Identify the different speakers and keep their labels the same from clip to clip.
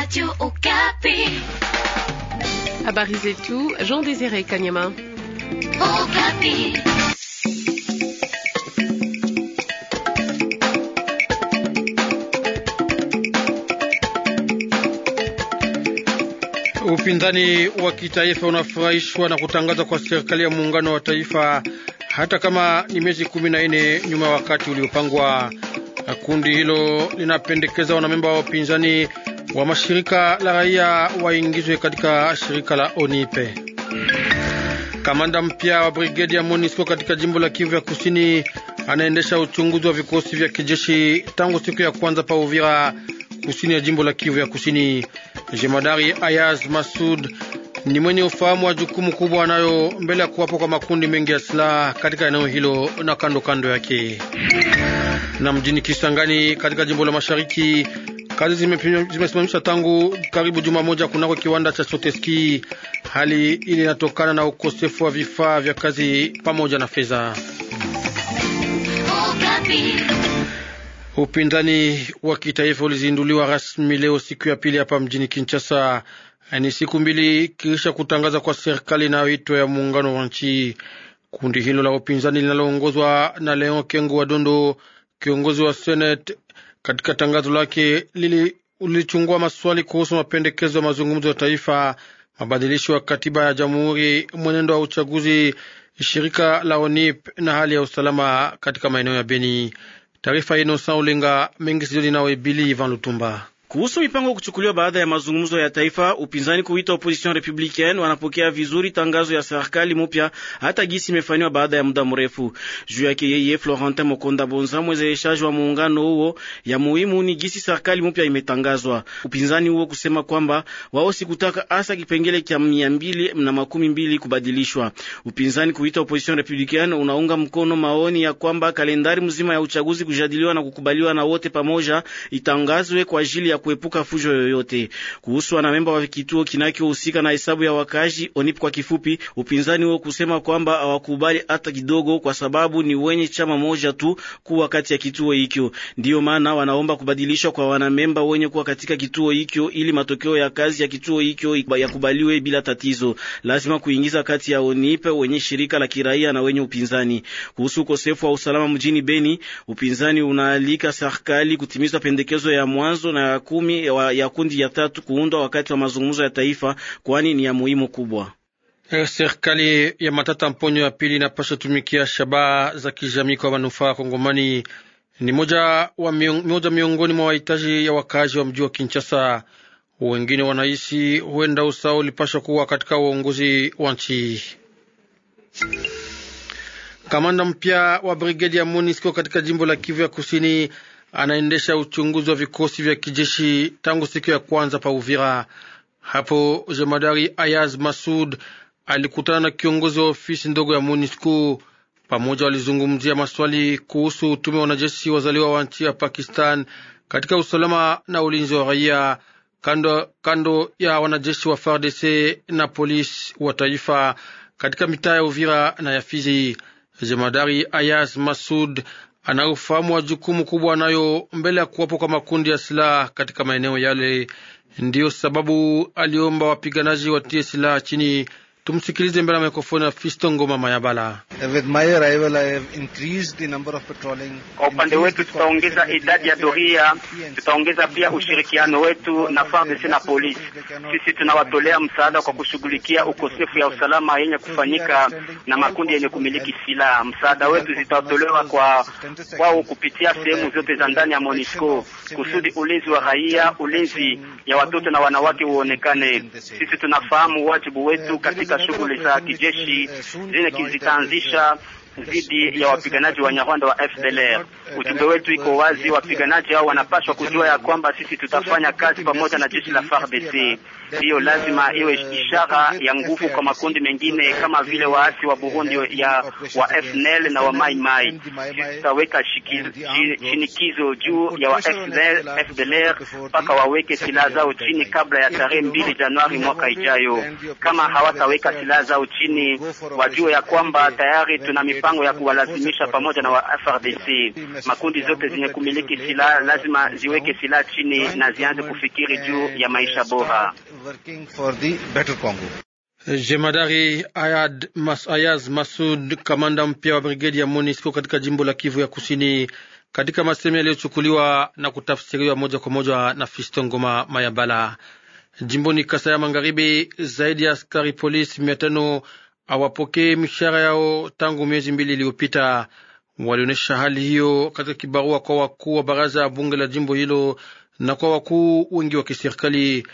Speaker 1: Radio Okapi. Habari zetu, Jean Désiré Kanyama. Okapi.
Speaker 2: Upinzani wa kitaifa unafurahishwa na kutangaza kwa serikali ya muungano wa taifa hata kama ni miezi kumi na nne nyuma ya wakati uliopangwa. Kundi hilo linapendekeza wanamemba wa upinzani wa mashirika la raia waingizwe katika shirika la Onipe. Kamanda mpya wa brigedi ya MONUSCO katika jimbo la Kivu ya Kusini anaendesha uchunguzi wa vikosi vya kijeshi tangu siku ya kwanza pa Uvira, kusini ya jimbo la Kivu ya Kusini. Jemadari Ayaz Masud ni mwenye ufahamu wa jukumu kubwa anayo mbele ya kuwapo kwa makundi mengi ya silaha katika eneo hilo na kando kando yake. Na mjini Kisangani katika jimbo la Mashariki, Kazi zimesimamishwa tangu karibu juma moja kunako kiwanda cha Soteski. Hali ile inatokana na ukosefu wa vifaa vya kazi pamoja na fedha. Upinzani wa kitaifa ulizinduliwa rasmi leo siku ya pili hapa mjini Kinshasa. Ni siku mbili kisha kutangaza kwa serikali inayoitwa ya muungano wa nchi. Kundi hilo la upinzani linaloongozwa na Leon kengu wa Dondo, kiongozi wa Senate katika tangazo lake lilichungua maswali kuhusu mapendekezo ya mazungumzo ya taifa, mabadilisho ya katiba ya jamhuri, mwenendo wa uchaguzi, shirika la ONIP na hali ya usalama katika maeneo ya Beni. Taarifa ino ulinga mengi Sidoni nawe Bili Van Lutumba. Kuhusu mipango
Speaker 3: kuchukuliwa baada ya mazungumzo ya taifa, upinzani kuita opposition republicaine wanapokea vizuri tangazo ya serikali mupya, hata gisi imefanywa baada ya muda mrefu. Juu yake yeye Florentin Mokonda Bonza, mwezeshaji wa muungano huo, ya muhimu ni gisi serikali mupya imetangazwa. Upinzani huo kusema kwamba wao sikutaka hasa kipengele cha mia mbili na makumi mbili kubadilishwa. Upinzani kuita opposition republicaine unaunga mkono maoni ya kwamba kalendari mzima ya uchaguzi kujadiliwa na kukubaliwa na wote pamoja, itangazwe kwa ajili ya ya kuepuka fujo yoyote. Kuhusu wanamemba wa kituo kinachohusika na hesabu ya wakazi ONIP kwa kifupi, upinzani huo kusema kwamba hawakubali hata kidogo, kwa sababu ni wenye chama moja tu kuwa kati ya kituo hicho. Ndiyo maana wanaomba kubadilishwa kwa wanamemba wenye kuwa katika kituo hicho, ili matokeo ya kazi ya kituo hicho yakubaliwe bila tatizo. Lazima kuingiza kati ya ONIP wenye shirika la kiraia na wenye upinzani. Kuhusu ukosefu wa usalama mjini Beni, upinzani unaalika serikali kutimiza pendekezo ya mwanzo na kumi ya kundi ya tatu kuundwa wakati wa mazungumzo ya taifa, kwani ni ya muhimu kubwa.
Speaker 2: Eh, serikali ya Matata mponyo ya pili inapaswa tumikia shabaha za kijamii kwa manufaa Kongomani. Ni moja, wa miong, miongoni mwa wahitaji ya wakazi wa mji wa Kinshasa. Wengine wanahisi huenda usao ulipaswa kuwa katika uongozi wa nchi. Kamanda mpya wa brigedi ya MONUSCO katika jimbo la Kivu ya Kusini anaendesha uchunguzi wa vikosi vya kijeshi tangu siku ya kwanza pa Uvira. Hapo jemadari Ayaz Masud alikutana na kiongozi wa ofisi ndogo ya MONUSCO. Pamoja walizungumzia maswali kuhusu utume wa wanajeshi wazaliwa wa nchi ya Pakistan katika usalama na ulinzi wa raia kando, kando ya wanajeshi wa FARDC na polisi wa taifa katika mitaa ya Uvira na ya Fizi. Jemadari Ayaz Masud anayofahamu wa jukumu kubwa anayo mbele ya kuwapo kwa makundi ya silaha katika maeneo yale. Ndiyo sababu aliomba wapiganaji watie silaha chini Tumsikilize mbele ya mikrofoni ya Fisto Ngoma Mayabala.
Speaker 4: Kwa upande wetu tutaongeza idadi ya doria, tutaongeza pia ushirikiano wetu na FARDC na polisi. Sisi tunawatolea msaada kwa kushughulikia ukosefu ya usalama yenye kufanyika na makundi yenye kumiliki silaha. Msaada wetu zitatolewa kwa wao kupitia sehemu zote za ndani ya MONUSCO kusudi ulinzi wa raia, ulinzi ya watoto na wanawake uonekane. Sisi tunafahamu wajibu wetu katika shughuli za kijeshi zile zitaanzisha dhidi ya wapiganaji wa Nyarwanda wa FDLR. Uh, Ujumbe wetu iko wazi, wapiganaji hao wanapaswa kujua ya kwamba sisi tutafanya kazi pamoja na jeshi la FARDC. Hiyo lazima uh, iwe ishara ya nguvu kwa makundi mengine kama vile waasi wa uh, Burundi ya wa FNL na wa Mai Mai. Tutaweka shinikizo juu ya wa FDLR mpaka waweke silaha zao chini kabla ya tarehe mbili Januari mwaka ijayo. Kama hawataweka silaha zao chini, wajue ya kwamba tayari tuna mipa mipango ya kuwalazimisha pamoja na wa FRDC. Makundi zote zenye kumiliki silaha lazima ziweke silaha chini na zianze kufikiri juu ya maisha bora.
Speaker 2: Jemadari Ayad Mas, Ayaz Masud, kamanda mpya wa brigedi ya MONUSCO katika jimbo la Kivu ya Kusini, katika masemi yaliyochukuliwa na kutafsiriwa moja kwa moja na Fisto Ngoma Mayabala. Jimboni Kasai ya Magharibi, zaidi ya askari polisi mia tano awapokee mishahara yao tangu miezi mbili iliyopita. Walionyesha hali hiyo katika kibarua kwa wakuu wa baraza ya bunge la jimbo hilo na kwa wakuu wengi wa kiserikali,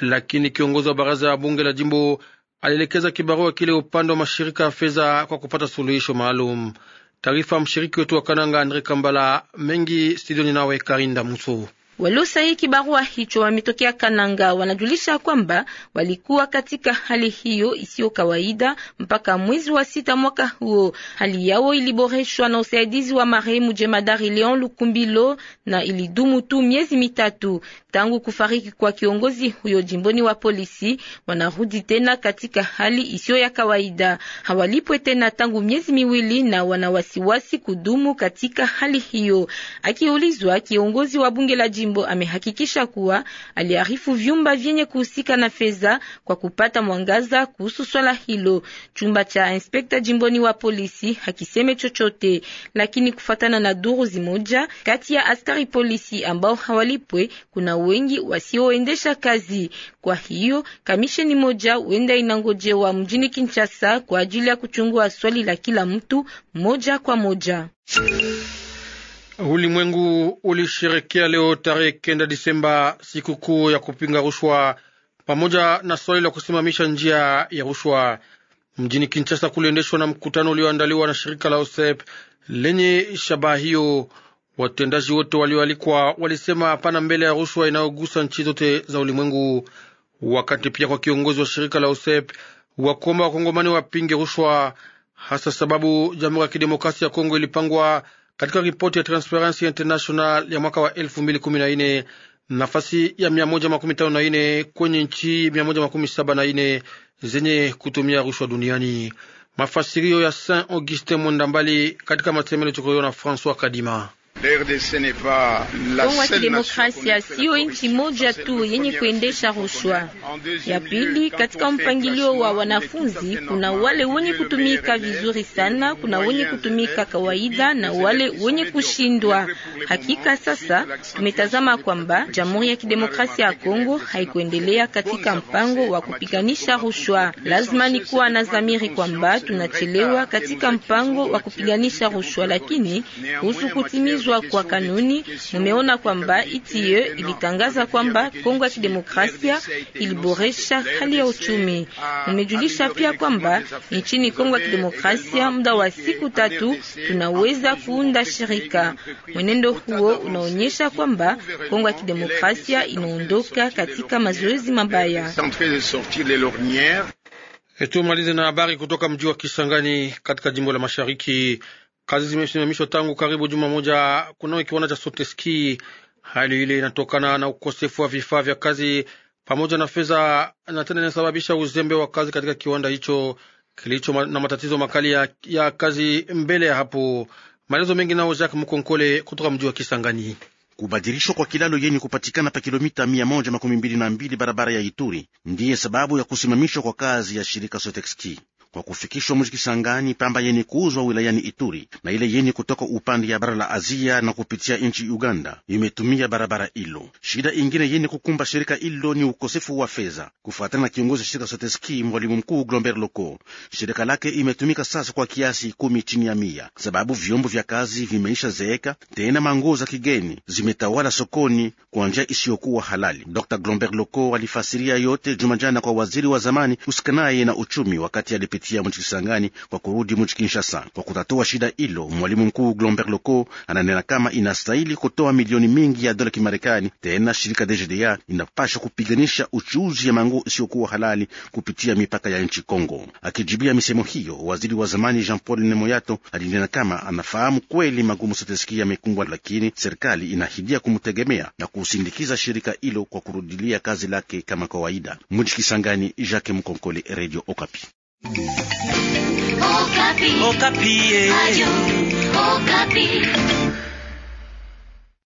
Speaker 2: lakini kiongozi wa baraza ya bunge la jimbo alielekeza kibarua kile upande wa mashirika ya fedha kwa kupata suluhisho maalum. Taarifa mshiriki wetu wa Kananga Andre Kambala mengi studioni, nawe Karinda Musu.
Speaker 1: Waliosaiki barua hicho wametokea Kananga, wanajulisha kwamba walikuwa katika hali hiyo isiyo kawaida mpaka mwezi wa sita mwaka huo. Hali yao iliboreshwa na usaidizi wa marehemu jemadari Leon Lukumbilo na ilidumu tu miezi mitatu tangu kufariki kwa kiongozi huyo jimboni wa polisi. Wanarudi tena katika hali isiyo ya kawaida, hawalipwe tena tangu miezi miwili na wanawasiwasi kudumu katika hali hiyo. Akiulizwa kiongozi wa bunge la jimbo amehakikisha kuwa aliarifu vyumba vyenye kuhusika na fedha kwa kupata mwangaza kuhusu swala hilo. Chumba cha inspekta jimboni wa polisi hakiseme chochote, lakini kufatana na duru zimoja kati ya askari polisi ambao hawalipwe, kuna wengi wasioendesha kazi. Kwa hiyo kamisheni moja huenda inangojewa mjini Kinshasa kwa ajili ya kuchungua swali la kila mtu moja kwa moja.
Speaker 2: Ulimwengu ulisherekea leo tarehe kenda Disemba sikukuu ya kupinga rushwa pamoja na swali la kusimamisha njia ya rushwa. Mjini Kinshasa kuliendeshwa na mkutano ulioandaliwa na shirika la OSEP lenye shabaha hiyo. Watendaji wote walioalikwa walisema hapana mbele ya rushwa inayogusa nchi zote za ulimwengu, wakati pia kwa kiongozi wa shirika la OSEP wakuomba wakongomani wapinge rushwa, hasa sababu Jamhuri ya Kidemokrasia ya Kongo ilipangwa katika ripoti ya Transparency International ya mwaka wa 2014 nafasi ya 154 kwenye nchi 174 zenye kutumia rushwa duniani. Mafasirio ya Saint Augustin Mwandambali katika matembele chokoyo na François Kadima.
Speaker 3: Kongo ya
Speaker 1: Kidemokrasia siyo nchi moja tu yenye kuendesha rushwa. Ya pili, katika mpangilio wa wanafunzi kuna wale wenye kutumika vizuri sana, kuna wenye kutumika kawaida na wale wenye kushindwa. Hakika sasa tumetazama kwamba Jamhuri ya Kidemokrasia ya Kongo haikuendelea katika mpango wa kupiganisha rushwa. Lazima ni kuwa na dhamiri kwamba tunachelewa katika mpango wa kupiganisha rushwa, lakini kuhusu kutimiza kutekelezwa kwa kanuni, mumeona kwamba ite ilitangaza kwamba Kongo ya Kidemokrasia iliboresha hali ya uchumi. Mumejulisha pia kwamba nchini Kongo ya Kidemokrasia muda wa siku tatu tunaweza kuunda shirika. Mwenendo huo unaonyesha kwamba Kongo ya Kidemokrasia inaondoka katika mazoezi mabaya.
Speaker 2: E, tumalize na habari kutoka mji wa Kisangani katika jimbo la Mashariki. Kazi zimesimamishwa tangu karibu juma moja kunao kiwanda cha Soteski. Hali ile inatokana na ukosefu wa vifaa vya kazi pamoja na fedha, na tena inasababisha uzembe wa kazi katika kiwanda hicho kilicho na matatizo makali ya, ya kazi. Mbele ya hapo, maelezo mengi nao Jacques Mkonkole kutoka mji wa Kisangani. Kubadilishwa kwa kilalo yenye kupatikana pa kilomita 112
Speaker 5: barabara ya Ituri ndiye sababu ya kusimamishwa kwa kazi ya shirika Sotexki kwa kufikishwa Muzikishangani pamba yeni kuuzwa wilayani Ituri na ile yeni kutoka upande ya bara la Azia na kupitia nchi Uganda imetumia barabara ilo. Shida ingine yeni kukumba shirika ilo ni ukosefu wa fedha. Kufuatana na kiongozi shirika Soteski, mwalimu mkuu Glomber Loko, shirika lake imetumika sasa kwa kiasi kumi chini ya mia, sababu vyombo vya kazi vimeisha zeeka, tena manguo za kigeni zimetawala sokoni kwa njia isiyokuwa halali. Dr Glomber Loko alifasiria yote jumajana kwa waziri wa zamani usikanaye na uchumi wakati alipitia kupitia Mchikisangani kwa kurudi Mchikinshasa. Kwa kutatua shida hilo, mwalimu mkuu Glomber Loko ananena kama inastahili kutoa milioni mingi ya dola Kimarekani. Tena shirika DGDA inapasha kupiganisha uchuuzi ya mango isiyokuwa halali kupitia mipaka ya nchi Kongo. Akijibia misemo hiyo, waziri wa zamani Jean Paul Nemoyato alinena kama anafahamu kweli magumu Setesiki yamekumbwa, lakini serikali inahidia kumtegemea na kusindikiza shirika hilo kwa kurudilia kazi lake kama kawaida. Mujikisangani, Jacques Mkonkole, Radio Okapi.
Speaker 4: Okapi. Okapi. Eh.